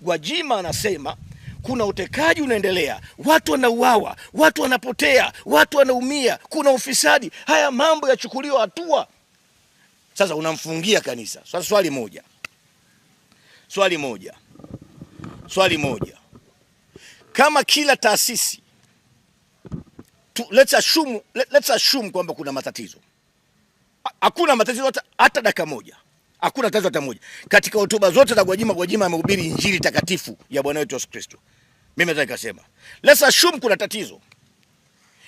Gwajima anasema kuna utekaji unaendelea, watu wanauawa, watu wanapotea, watu wanaumia, kuna ufisadi, haya mambo yachukuliwa hatua. Sasa unamfungia kanisa. Sasa swali moja, swali moja, swali moja, kama kila taasisi tu, let's assume, let's assume kwamba kuna matatizo. Hakuna matatizo hata dakika moja hakuna tatizo hata moja. Katika hotuba zote za Gwajima, Gwajima amehubiri injili takatifu ya Bwana wetu Yesu Kristo. Mimi nataka kusema let's assume kuna tatizo,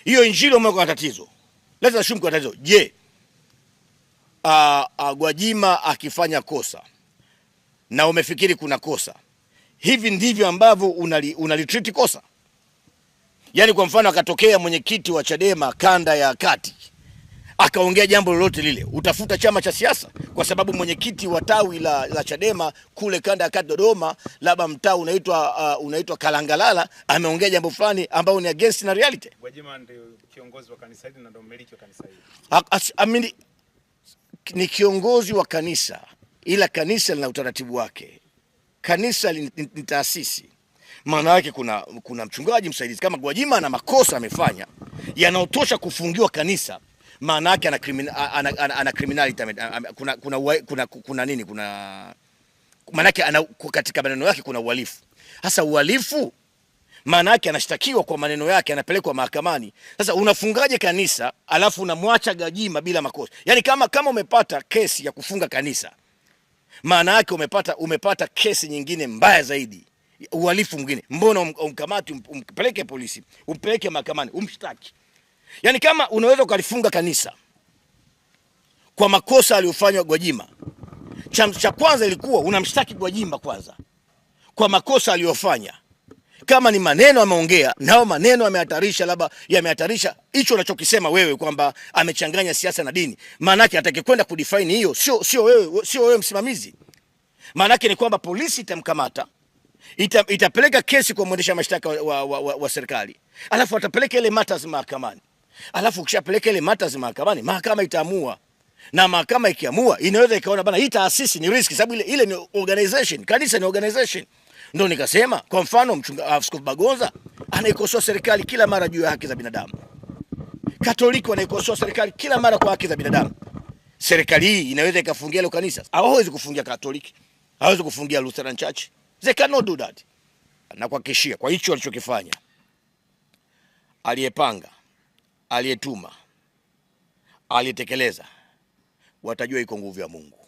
hiyo injili umekuwa tatizo, let's assume kuna tatizo. Je, a, Gwajima akifanya kosa na umefikiri kuna kosa, hivi ndivyo ambavyo unali, unalitreat kosa? Yaani kwa mfano akatokea mwenyekiti wa Chadema kanda ya kati akaongea jambo lolote lile, utafuta chama cha siasa, kwa sababu mwenyekiti wa tawi la, la Chadema kule kanda ya kati Dodoma, labda mtaa unaitwa uh, unaitwa Kalangalala, ameongea jambo fulani ambao ni against na reality. Gwajima ndio kiongozi wa kanisa hili na ndio mmiliki wa kanisa hili. I mean, ni kiongozi wa kanisa, ila kanisa lina utaratibu wake. Kanisa ni taasisi, maana yake kuna, kuna mchungaji msaidizi. Kama Gwajima ana makosa amefanya yanayotosha kufungiwa kanisa maana yake ana criminal ana, ana, ana criminality kuna kuna, kuna kuna kuna nini kuna maana yake katika maneno yake kuna uhalifu. Sasa uhalifu maana yake anashtakiwa kwa maneno yake, anapelekwa mahakamani. Sasa unafungaje kanisa alafu unamwacha Gajima bila makosa? Yani kama kama umepata kesi ya kufunga kanisa, maana yake umepata umepata kesi nyingine mbaya zaidi, uhalifu mwingine. Mbona um, umkamati, um, umpeleke polisi, umpeleke mahakamani, umshtaki. Yaani kama unaweza ukalifunga kanisa kwa makosa aliyofanywa Gwajima, cha, cha kwanza ilikuwa unamshtaki Gwajima kwanza kwa makosa aliyofanya. Kama ni maneno ameongea nao, maneno amehatarisha, labda yamehatarisha hicho unachokisema wewe kwamba amechanganya siasa na dini, Maana yake atakayekwenda kudefine hiyo, sio sio wewe, sio wewe msimamizi. Maana yake ni kwamba polisi itamkamata ita, itapeleka kesi kwa mwendesha mashtaka wa, wa, wa, wa serikali, alafu atapeleka ile matters mahakamani alafu ukishapeleka ile matters mahakamani, mahakama itaamua, na mahakama ikiamua inaweza ikaona bana, hii taasisi ni risk, sababu ile ile ni organization, kanisa ni organization. Ndio nikasema kwa mfano mchunga ah, Askofu Bagonza anaikosoa serikali kila mara juu ya haki za binadamu, Katoliki wanaikosoa serikali kila mara kwa haki za binadamu. Serikali hii inaweza ikafungia ile kanisa, hawezi kufungia Katoliki, hawezi kufungia Lutheran Church, they cannot do that. Na kwa kishia kwa hicho alichokifanya aliyepanga aliyetuma, aliyetekeleza, watajua iko nguvu ya Mungu.